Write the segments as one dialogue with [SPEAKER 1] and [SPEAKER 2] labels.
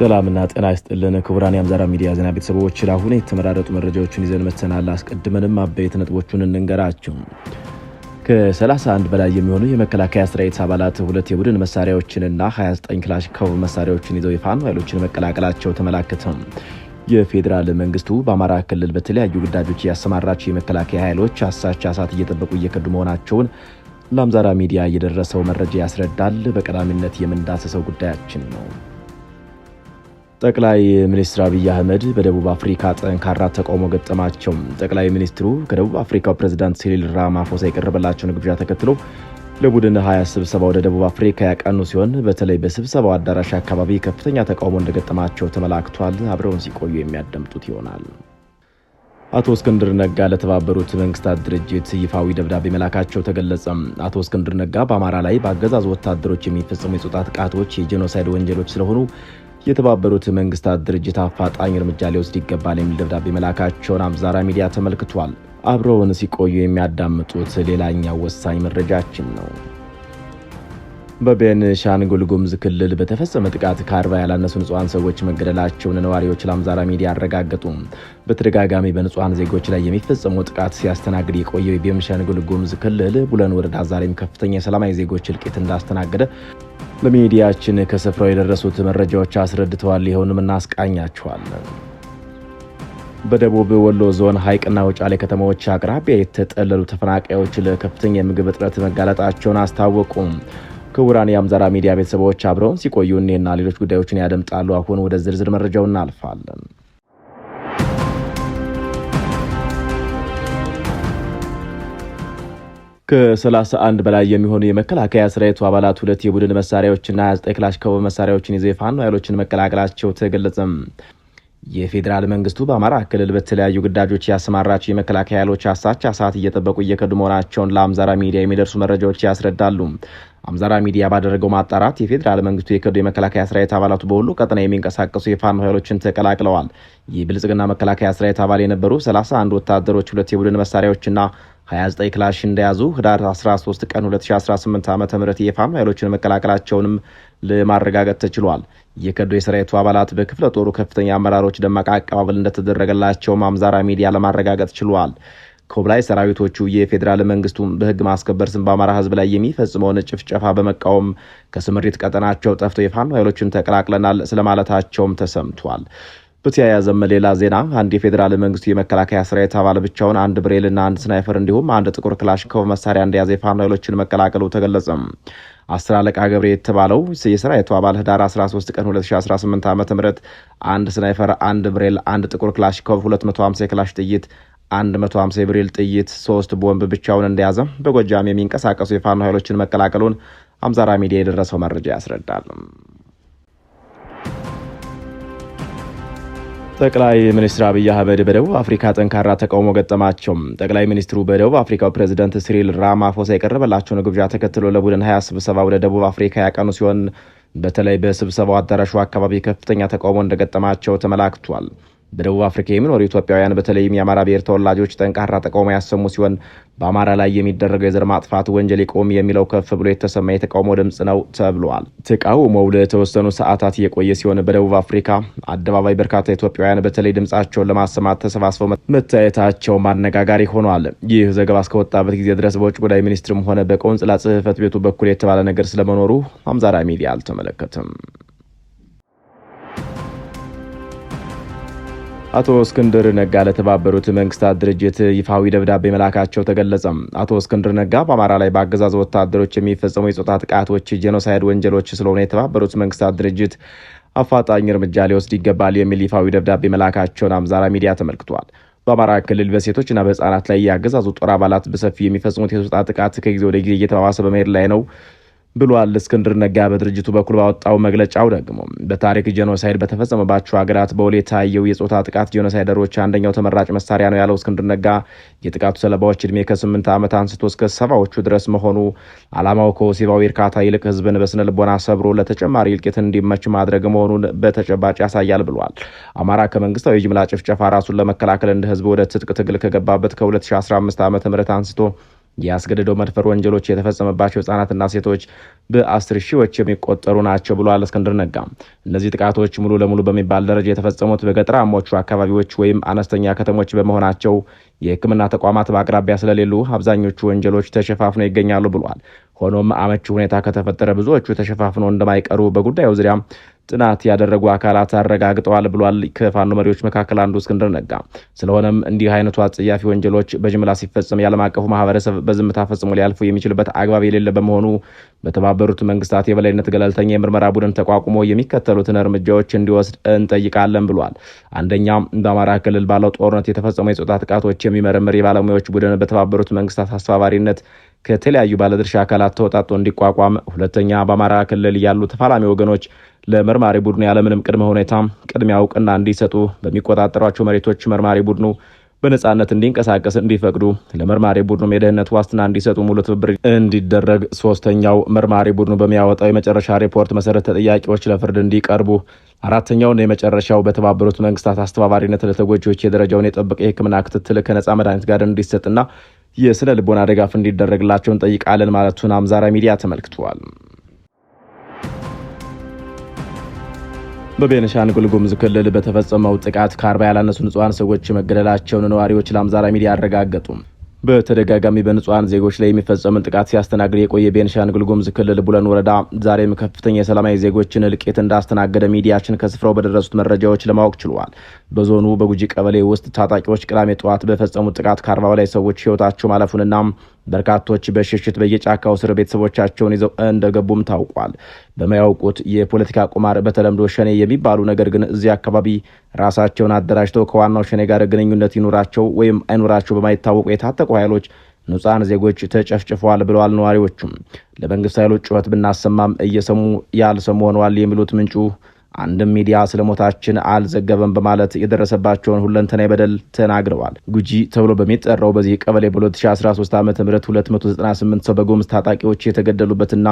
[SPEAKER 1] ሰላምና ጤና ይስጥልን ክቡራን የአምዛራ ሚዲያ ዜና ቤተሰቦች፣ ለአሁን የተመራረጡ መረጃዎችን ይዘን መተናል። አስቀድመንም አበይት ነጥቦቹን እንንገራቸው። ከ31 በላይ የሚሆኑ የመከላከያ ሰራዊት አባላት ሁለት የቡድን መሳሪያዎችንና 29 ክላሽንኮቭ መሳሪያዎችን ይዘው የፋኖ ኃይሎችን መቀላቀላቸው ተመላከተ። የፌዴራል መንግስቱ በአማራ ክልል በተለያዩ ግዳጆች ያሰማራቸው የመከላከያ ኃይሎች አሳቻ አሳት እየጠበቁ እየከዱ መሆናቸውን ለአምዛራ ሚዲያ የደረሰው መረጃ ያስረዳል። በቀዳሚነት የምንዳሰሰው ጉዳያችን ነው። ጠቅላይ ሚኒስትር አብይ አህመድ በደቡብ አፍሪካ ጠንካራ ተቃውሞ ገጠማቸው። ጠቅላይ ሚኒስትሩ ከደቡብ አፍሪካው ፕሬዝዳንት ሲሪል ራማፎሳ የቀረበላቸውን ግብዣ ተከትሎ ለቡድን ሀያ ስብሰባ ወደ ደቡብ አፍሪካ ያቀኑ ሲሆን በተለይ በስብሰባው አዳራሽ አካባቢ ከፍተኛ ተቃውሞ እንደገጠማቸው ተመላክቷል። አብረውን ሲቆዩ የሚያዳምጡት ይሆናል። አቶ እስክንድር ነጋ ለተባበሩት መንግስታት ድርጅት ይፋዊ ደብዳቤ መላካቸው ተገለጸ። አቶ እስክንድር ነጋ በአማራ ላይ በአገዛዝ ወታደሮች የሚፈጸሙ የጾታ ጥቃቶች የጄኖሳይድ ወንጀሎች ስለሆኑ የተባበሩት መንግስታት ድርጅት አፋጣኝ እርምጃ ሊወስድ ይገባል የሚል ደብዳቤ መላካቸውን አምዛራ ሚዲያ ተመልክቷል። አብረውን ሲቆዩ የሚያዳምጡት ሌላኛው ወሳኝ መረጃችን ነው። በቤንሻንጉል ጉሙዝ ክልል በተፈጸመ ጥቃት ከአርባ ያላነሱ ንጹሐን ሰዎች መገደላቸውን ነዋሪዎች ለአምዛራ ሚዲያ አረጋገጡ። በተደጋጋሚ በንጹሐን ዜጎች ላይ የሚፈጸመው ጥቃት ሲያስተናግድ የቆየው የቤንሻንጉል ጉሙዝ ክልል ቡለን ወረዳ ዛሬም ከፍተኛ የሰላማዊ ዜጎች እልቂት እንዳስተናገደ በሚዲያችን ከስፍራው የደረሱት መረጃዎች አስረድተዋል። ይኸውንም እናስቃኛችኋለን። በደቡብ ወሎ ዞን ሐይቅና ውጫሌ ከተማዎች አቅራቢያ የተጠለሉ ተፈናቃዮች ለከፍተኛ የምግብ እጥረት መጋለጣቸውን አስታወቁም። ክቡራን የአምዛራ ሚዲያ ቤተሰቦች አብረውን ሲቆዩ እኔና ሌሎች ጉዳዮችን ያደምጣሉ። አሁን ወደ ዝርዝር መረጃው እናልፋለን። ከ31 በላይ የሚሆኑ የመከላከያ ሰራዊቱ አባላት ሁለት የቡድን መሳሪያዎችና 29 ክላሽንኮቭ መሳሪያዎችን ይዘው የፋኖ ኃይሎችን መቀላቀላቸው ተገለጸም። የፌዴራል መንግስቱ በአማራ ክልል በተለያዩ ግዳጆች ያሰማራቸው የመከላከያ ኃይሎች አሳቻ ሰዓት እየጠበቁ እየከዱ መሆናቸውን ለአምዛራ ሚዲያ የሚደርሱ መረጃዎች ያስረዳሉ። አምዛራ ሚዲያ ባደረገው ማጣራት የፌዴራል መንግስቱ የከዱ የመከላከያ ሰራዊት አባላቱ በሁሉ ቀጠና የሚንቀሳቀሱ የፋኖ ኃይሎችን ተቀላቅለዋል። የብልጽግና መከላከያ ሰራዊት አባል የነበሩ 31 ወታደሮች ሁለት የቡድን መሳሪያዎችና 29 ክላሽ እንደያዙ ህዳር 13 ቀን 2018 ዓ ም የፋኖ ኃይሎችን መቀላቀላቸውንም ለማረጋገጥ ተችሏል። የከዶ የሰራዊቱ አባላት በክፍለ ጦሩ ከፍተኛ አመራሮች ደማቅ አቀባበል እንደተደረገላቸውም አምዛራ ሚዲያ ለማረጋገጥ ችሏል። ከላይ ሰራዊቶቹ የፌዴራል መንግስቱን በህግ ማስከበር ስም በአማራ ህዝብ ላይ የሚፈጽመውን ጭፍጨፋ በመቃወም ከስምሪት ቀጠናቸው ጠፍተው የፋኖ ኃይሎችን ተቀላቅለናል ስለማለታቸውም ተሰምቷል። በተያያዘም ሌላ ዜና አንድ የፌዴራል መንግስቱ የመከላከያ ሰራዊት አባል ብቻውን አንድ ብሬልና አንድ ስናይፈር እንዲሁም አንድ ጥቁር ክላሽንኮቭ መሳሪያ እንደያዘ የፋኖ ኃይሎችን መቀላቀሉ ተገለጸም። አስር አለቃ ገብሬ የተባለው የሰራዊቱ አባል ህዳር 13 ቀን 2018 ዓ ም አንድ ስናይፈር፣ አንድ ብሬል፣ አንድ ጥቁር ክላሽንኮቭ፣ 250 የክላሽ ጥይት 150 የብሬል ጥይት፣ ሶስት ቦምብ ብቻውን እንደያዘ በጎጃም የሚንቀሳቀሱ የፋኖ ኃይሎችን መቀላቀሉን አምዛራ ሚዲያ የደረሰው መረጃ ያስረዳል። ጠቅላይ ሚኒስትር አብይ አህመድ በደቡብ አፍሪካ ጠንካራ ተቃውሞ ገጠማቸው። ጠቅላይ ሚኒስትሩ በደቡብ አፍሪካው ፕሬዚደንት ሲሪል ራማፎሳ የቀረበላቸውን ግብዣ ተከትሎ ለቡድን ሀያ ስብሰባ ወደ ደቡብ አፍሪካ ያቀኑ ሲሆን በተለይ በስብሰባው አዳራሹ አካባቢ ከፍተኛ ተቃውሞ እንደገጠማቸው ተመላክቷል። በደቡብ አፍሪካ የሚኖሩ ኢትዮጵያውያን በተለይም የአማራ ብሔር ተወላጆች ጠንካራ ተቃውሞ ያሰሙ ሲሆን በአማራ ላይ የሚደረገው የዘር ማጥፋት ወንጀል ይቆም የሚለው ከፍ ብሎ የተሰማ የተቃውሞ ድምፅ ነው ተብሏል። ተቃውሞው ለተወሰኑ ሰዓታት የቆየ ሲሆን በደቡብ አፍሪካ አደባባይ በርካታ ኢትዮጵያውያን በተለይ ድምፃቸውን ለማሰማት ተሰባስበው መታየታቸው ማነጋጋሪ ሆኗል። ይህ ዘገባ እስከወጣበት ጊዜ ድረስ በውጭ ጉዳይ ሚኒስትርም ሆነ በቆንጽላ ጽህፈት ቤቱ በኩል የተባለ ነገር ስለመኖሩ አምዛራ ሚዲያ አልተመለከትም። አቶ እስክንድር ነጋ ለተባበሩት መንግስታት ድርጅት ይፋዊ ደብዳቤ መላካቸው ተገለጸ። አቶ እስክንድር ነጋ በአማራ ላይ በአገዛዝ ወታደሮች የሚፈጸሙ የጾታ ጥቃቶች ጄኖሳይድ ወንጀሎች ስለሆነ የተባበሩት መንግስታት ድርጅት አፋጣኝ እርምጃ ሊወስድ ይገባል የሚል ይፋዊ ደብዳቤ መላካቸውን አምዛራ ሚዲያ ተመልክቷል። በአማራ ክልል በሴቶችና በህፃናት ላይ የአገዛዙ ጦር አባላት በሰፊ የሚፈጽሙት የጾታ ጥቃት ከጊዜ ወደ ጊዜ እየተባባሰ በመሄድ ላይ ነው። ብሏል። እስክንድር ነጋ በድርጅቱ በኩል ባወጣው መግለጫው ደግሞ በታሪክ ጄኖሳይድ በተፈጸመባቸው ሀገራት በውል የታየው የጾታ ጥቃት ጄኖሳይደሮች አንደኛው ተመራጭ መሳሪያ ነው ያለው እስክንድር ነጋ የጥቃቱ ሰለባዎች እድሜ ከስምንት ዓመት አንስቶ እስከ ሰባዎቹ ድረስ መሆኑ ዓላማው ከወሲባዊ እርካታ ይልቅ ህዝብን በስነ ልቦና ሰብሮ ለተጨማሪ እልቂት እንዲመች ማድረግ መሆኑን በተጨባጭ ያሳያል ብሏል። አማራ ከመንግስታዊ የጅምላ ጭፍጨፋ ራሱን ለመከላከል እንደ ህዝብ ወደ ትጥቅ ትግል ከገባበት ከ2015 ዓ ም አንስቶ የአስገድዶ መድፈር ወንጀሎች የተፈጸመባቸው ህጻናትና ሴቶች በአስር ሺዎች የሚቆጠሩ ናቸው ብሏል እስክንድር ነጋ። እነዚህ ጥቃቶች ሙሉ ለሙሉ በሚባል ደረጃ የተፈጸሙት በገጠራሞቹ አካባቢዎች ወይም አነስተኛ ከተሞች በመሆናቸው የህክምና ተቋማት በአቅራቢያ ስለሌሉ አብዛኞቹ ወንጀሎች ተሸፋፍነው ይገኛሉ ብሏል። ሆኖም አመቺ ሁኔታ ከተፈጠረ ብዙዎቹ ተሸፋፍኖ እንደማይቀሩ በጉዳዩ ዙሪያ ጥናት ያደረጉ አካላት አረጋግጠዋል ብሏል። ከፋኖ መሪዎች መካከል አንዱ እስክንድር ነጋ። ስለሆነም እንዲህ አይነቱ አጸያፊ ወንጀሎች በጅምላ ሲፈጸም የዓለም አቀፉ ማህበረሰብ በዝምታ ፈጽሞ ሊያልፉ የሚችልበት አግባብ የሌለ በመሆኑ በተባበሩት መንግስታት የበላይነት ገለልተኛ የምርመራ ቡድን ተቋቁሞ የሚከተሉትን እርምጃዎች እንዲወስድ እንጠይቃለን ብሏል። አንደኛ፣ በአማራ ክልል ባለው ጦርነት የተፈጸሙ የጾታ ጥቃቶች የሚመረምር የባለሙያዎች ቡድን በተባበሩት መንግስታት አስተባባሪነት ከተለያዩ ባለድርሻ አካላት ተወጣጦ እንዲቋቋም፣ ሁለተኛ በአማራ ክልል ያሉ ተፋላሚ ወገኖች ለመርማሪ ቡድኑ ያለምንም ቅድመ ሁኔታ ቅድሚያ እውቅና እንዲሰጡ፣ በሚቆጣጠሯቸው መሬቶች መርማሪ ቡድኑ በነጻነት እንዲንቀሳቀስ እንዲፈቅዱ ለመርማሪ ቡድኑም የደህንነት ዋስትና እንዲሰጡ ሙሉ ትብብር እንዲደረግ። ሶስተኛው መርማሪ ቡድኑ በሚያወጣው የመጨረሻ ሪፖርት መሰረት ተጠያቂዎች ለፍርድ እንዲቀርቡ። አራተኛውና የመጨረሻው በተባበሩት መንግስታት አስተባባሪነት ለተጎጂዎች የደረጃውን የጠበቀ የሕክምና ክትትል ከነጻ መድኃኒት ጋር እንዲሰጥና የስነ ልቦና ድጋፍ እንዲደረግላቸው እንጠይቃለን ማለቱን አምዛራ ሚዲያ ተመልክቷል። በቤንሻንጉል ጉሙዝ ክልል በተፈጸመው ጥቃት ከአርባ ያላነሱ ንጹሐን ሰዎች መገደላቸውን ነዋሪዎች ለአምዛራ ሚዲያ አረጋገጡም። በተደጋጋሚ በንጹሐን ዜጎች ላይ የሚፈጸምን ጥቃት ሲያስተናግድ የቆየ ቤንሻንጉል ጉሙዝ ክልል ቡለን ወረዳ ዛሬም ከፍተኛ የሰላማዊ ዜጎችን እልቂት እንዳስተናገደ ሚዲያችን ከስፍራው በደረሱት መረጃዎች ለማወቅ ችሏል። በዞኑ በጉጂ ቀበሌ ውስጥ ታጣቂዎች ቅዳሜ ጠዋት በፈጸሙት ጥቃት ከአርባ በላይ ሰዎች ህይወታቸው ማለፉንና በርካቶች በሽሽት በየጫካው ስር ቤተሰቦቻቸውን ይዘው እንደገቡም ታውቋል። በማያውቁት የፖለቲካ ቁማር በተለምዶ ሸኔ የሚባሉ ነገር ግን እዚህ አካባቢ ራሳቸውን አደራጅተው ከዋናው ሸኔ ጋር ግንኙነት ይኑራቸው ወይም አይኑራቸው በማይታወቁ የታጠቁ ኃይሎች ንጹሐን ዜጎች ተጨፍጭፈዋል ብለዋል ነዋሪዎቹም። ለመንግስት ኃይሎች ጩኸት ብናሰማም እየሰሙ ያልሰሙ ሆነዋል የሚሉት ምንጩ አንድም ሚዲያ ስለሞታችን አልዘገበም በማለት የደረሰባቸውን ሁለንተና በደል ተናግረዋል። ጉጂ ተብሎ በሚጠራው በዚህ ቀበሌ በ2013 ዓ ም 298 ሰው በጎምዝ ታጣቂዎች የተገደሉበትና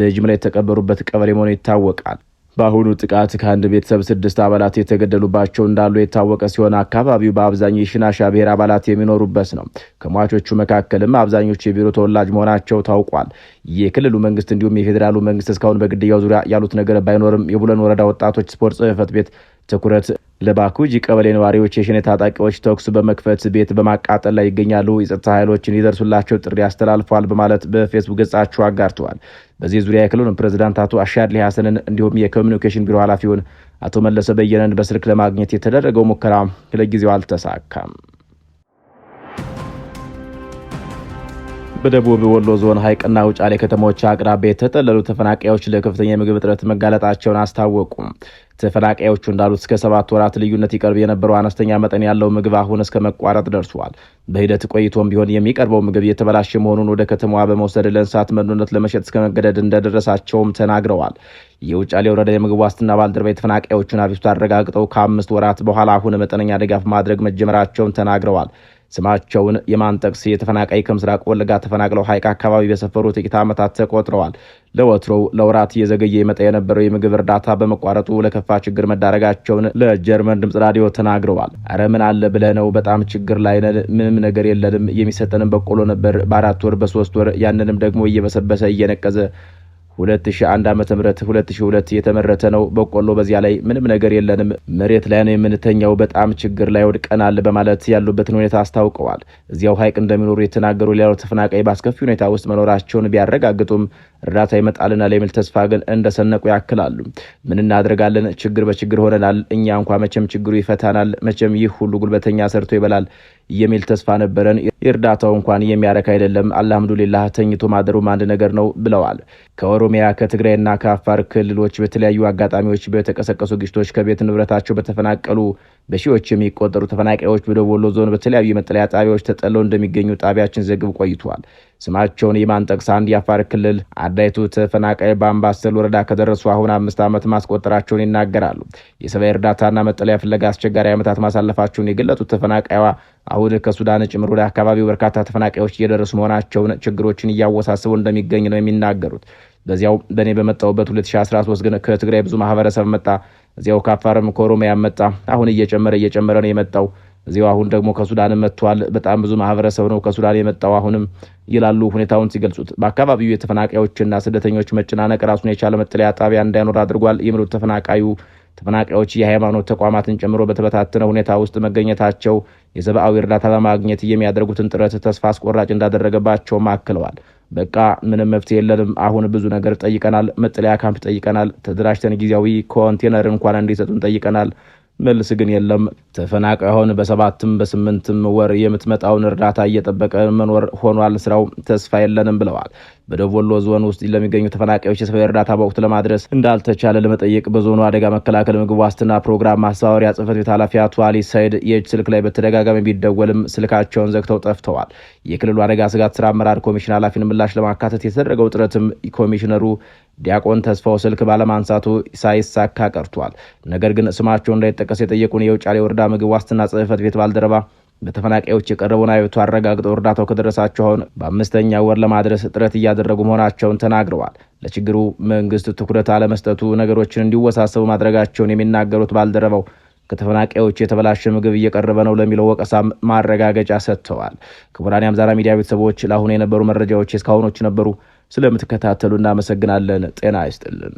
[SPEAKER 1] በጅምላ የተቀበሩበት ቀበሌ መሆኑ ይታወቃል። በአሁኑ ጥቃት ከአንድ ቤተሰብ ስድስት አባላት የተገደሉባቸው እንዳሉ የታወቀ ሲሆን አካባቢው በአብዛኛው የሽናሻ ብሔር አባላት የሚኖሩበት ነው። ከሟቾቹ መካከልም አብዛኞቹ የቢሮ ተወላጅ መሆናቸው ታውቋል። የክልሉ መንግስት እንዲሁም የፌዴራሉ መንግስት እስካሁን በግድያው ዙሪያ ያሉት ነገር ባይኖርም የቡለን ወረዳ ወጣቶች ስፖርት ጽህፈት ቤት ትኩረት ለባኩጂ ቀበሌ ነዋሪዎች የሸኔ ታጣቂዎች ተኩስ በመክፈት ቤት በማቃጠል ላይ ይገኛሉ፣ የጸጥታ ኃይሎችን ይደርሱላቸው ጥሪ ያስተላልፏል በማለት በፌስቡክ ገጻቸው አጋርተዋል። በዚህ ዙሪያ የክልሉን ፕሬዚዳንት አቶ አሻድሊ ሀሰንን እንዲሁም የኮሚኒኬሽን ቢሮ ኃላፊውን አቶ መለሰ በየነን በስልክ ለማግኘት የተደረገው ሙከራ ለጊዜው አልተሳካም። በደቡብ ወሎ ዞን ሀይቅና ውጫሌ ከተሞች አቅራቢያ የተጠለሉ ተፈናቃዮች ለከፍተኛ የምግብ እጥረት መጋለጣቸውን አስታወቁ። ተፈናቃዮቹ እንዳሉት እስከ ሰባት ወራት ልዩነት ይቀርብ የነበረው አነስተኛ መጠን ያለው ምግብ አሁን እስከ መቋረጥ ደርሷል። በሂደት ቆይቶም ቢሆን የሚቀርበው ምግብ የተበላሸ መሆኑን ወደ ከተማዋ በመውሰድ ለእንስሳት መኖነት ለመሸጥ እስከ መገደድ እንደደረሳቸውም ተናግረዋል። የውጫሌ ወረዳ የምግብ ዋስትና ባልደረባ የተፈናቃዮቹን አቤቱታ አረጋግጠው ከአምስት ወራት በኋላ አሁን መጠነኛ ድጋፍ ማድረግ መጀመራቸውን ተናግረዋል። ስማቸውን የማንጠቅስ የተፈናቃይ ከምስራቅ ወለጋ ተፈናቅለው ሀይቅ አካባቢ በሰፈሩ ጥቂት ዓመታት ተቆጥረዋል። ለወትሮው ለወራት እየዘገየ የመጠ የነበረው የምግብ እርዳታ በመቋረጡ ለከፋ ችግር መዳረጋቸውን ለጀርመን ድምፅ ራዲዮ ተናግረዋል። እረ ምን አለ ብለህ ነው? በጣም ችግር ላይ ነን። ምንም ነገር የለንም። የሚሰጠንም በቆሎ ነበር በአራት ወር በሶስት ወር ያንንም ደግሞ እየበሰበሰ እየነቀዘ 2001 ዓ ም 2002 የተመረተ ነው በቆሎ። በዚያ ላይ ምንም ነገር የለንም፣ መሬት ላይ ነው የምንተኛው፣ በጣም ችግር ላይ ወድቀናል በማለት ያሉበትን ሁኔታ አስታውቀዋል። እዚያው ሀይቅ እንደሚኖሩ የተናገሩ ሌላው ተፈናቃይ በአስከፊ ሁኔታ ውስጥ መኖራቸውን ቢያረጋግጡም እርዳታ ይመጣልናል የሚል ተስፋ ግን እንደሰነቁ ያክላሉ። ምን እናደርጋለን? ችግር በችግር ሆነናል። እኛ እንኳ መቼም ችግሩ ይፈታናል፣ መቼም ይህ ሁሉ ጉልበተኛ ሰርቶ ይበላል የሚል ተስፋ ነበረን። እርዳታው እንኳን የሚያረክ አይደለም። አልሐምዱሊላህ ተኝቶ ማደሩም አንድ ነገር ነው ብለዋል። ከኦሮሚያ ከትግራይና ከአፋር ክልሎች በተለያዩ አጋጣሚዎች በተቀሰቀሱ ግጭቶች ከቤት ንብረታቸው በተፈናቀሉ በሺዎች የሚቆጠሩ ተፈናቃዮች በደቡብ ወሎ ዞን በተለያዩ የመጠለያ ጣቢያዎች ተጠለው እንደሚገኙ ጣቢያችን ዘግብ ቆይተዋል። ስማቸውን የማንጠቅስ አንድ የአፋር ክልል አዳይቱ ተፈናቃይ በአምባሰል ወረዳ ከደረሱ አሁን አምስት ዓመት ማስቆጠራቸውን ይናገራሉ። የሰብአዊ እርዳታና መጠለያ ፍለጋ አስቸጋሪ ዓመታት ማሳለፋቸውን የገለጹት ተፈናቃይዋ አሁን ከሱዳን ጭምር ወደ አካባቢው በርካታ ተፈናቃዮች እየደረሱ መሆናቸውን ችግሮችን እያወሳሰቡ እንደሚገኝ ነው የሚናገሩት። በዚያው በእኔ በመጣውበት 2013 ግን ከትግራይ ብዙ ማህበረሰብ መጣ። እዚያው ከአፋርም ከኦሮሚያ መጣ። አሁን እየጨመረ እየጨመረ ነው የመጣው እዚሁ አሁን ደግሞ ከሱዳን መጥቷል። በጣም ብዙ ማህበረሰብ ነው ከሱዳን የመጣው አሁንም ይላሉ ሁኔታውን ሲገልጹት። በአካባቢው የተፈናቃዮችና ስደተኞች መጨናነቅ ራሱን የቻለ መጠለያ ጣቢያ እንዳይኖር አድርጓል የሚሉት ተፈናቃዩ ተፈናቃዮች የሃይማኖት ተቋማትን ጨምሮ በተበታተነ ሁኔታ ውስጥ መገኘታቸው የሰብአዊ እርዳታ ለማግኘት የሚያደርጉትን ጥረት ተስፋ አስቆራጭ እንዳደረገባቸውም አክለዋል። በቃ ምንም መፍትሄ የለንም። አሁን ብዙ ነገር ጠይቀናል። መጠለያ ካምፕ ጠይቀናል። ተደራጅተን ጊዜያዊ ኮንቴነር እንኳን እንዲሰጡን ጠይቀናል። መልስ ግን የለም። ተፈናቃይ ሆን በሰባትም በስምንትም ወር የምትመጣውን እርዳታ እየጠበቀ መኖር ሆኗል ስራው። ተስፋ የለንም ብለዋል። በደቡብ ወሎ ዞን ውስጥ ለሚገኙ ተፈናቃዮች የሰብአዊ እርዳታ በወቅቱ ለማድረስ እንዳልተቻለ ለመጠየቅ በዞኑ አደጋ መከላከል ምግብ ዋስትና ፕሮግራም ማስተባበሪያ ጽህፈት ቤት ኃላፊ አቶ አሊ ሰይድ የእጅ ስልክ ላይ በተደጋጋሚ ቢደወልም ስልካቸውን ዘግተው ጠፍተዋል። የክልሉ አደጋ ስጋት ስራ አመራር ኮሚሽን ኃላፊን ምላሽ ለማካተት የተደረገው ጥረትም ኮሚሽነሩ ዲያቆን ተስፋው ስልክ ባለማንሳቱ ሳይሳካ ቀርቷል። ነገር ግን ስማቸው እንዳይጠቀስ የጠየቁን የውጫሌ ወረዳ ምግብ ዋስትና ጽህፈት ቤት ባልደረባ በተፈናቃዮች የቀረበውን አቤቱታ አረጋግጠው እርዳታው ከደረሳቸው አሁን በአምስተኛ ወር ለማድረስ ጥረት እያደረጉ መሆናቸውን ተናግረዋል። ለችግሩ መንግስት ትኩረት አለመስጠቱ ነገሮችን እንዲወሳሰቡ ማድረጋቸውን የሚናገሩት ባልደረባው ከተፈናቃዮች የተበላሸ ምግብ እየቀረበ ነው ለሚለው ወቀሳ ማረጋገጫ ሰጥተዋል። ክቡራን የአምዛራ ሚዲያ ቤተሰቦች ለአሁኑ የነበሩ መረጃዎች እስካሁኖች ነበሩ። ስለምትከታተሉ እናመሰግናለን። ጤና አይስጥልን።